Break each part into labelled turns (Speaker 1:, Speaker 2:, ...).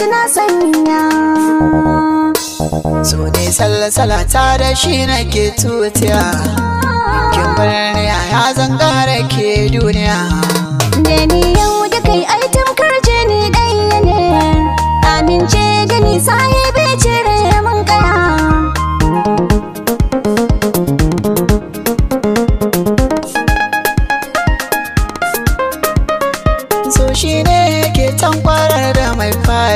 Speaker 1: zuci na sanya so ne ta da shi nake tutiya kin bar ni ya zan ke duniya ne ni yau da kai ai tamkar je ni ɗaya ne amince da ni bai kaya so shi ne ke tan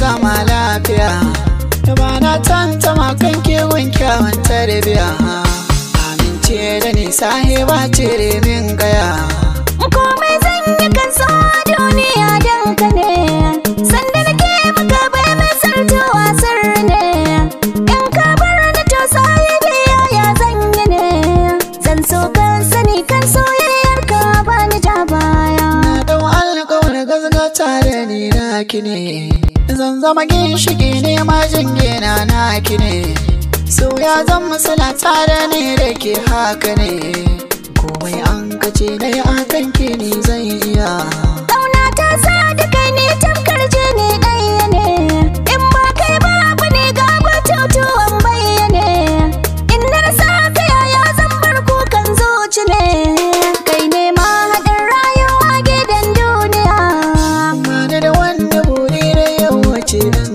Speaker 1: zama lafiya ba na tantama kan kiwon kyawun tarbiya amince da ni sahiba cire min gaya komai zan yi kan so duniya dankane sanda nake maka bai mai sarta wasar ne in ka bar da to sahibiya ya zan yi ne zan so kan sani kan soyayyar ka bani ta baya na dau alƙawarin gaskata da ni naki ne zan zama ginshiki ne majin gina naki ne ya zan musula tare ne da ke haka ne komai an kace na yi akan ki ne You.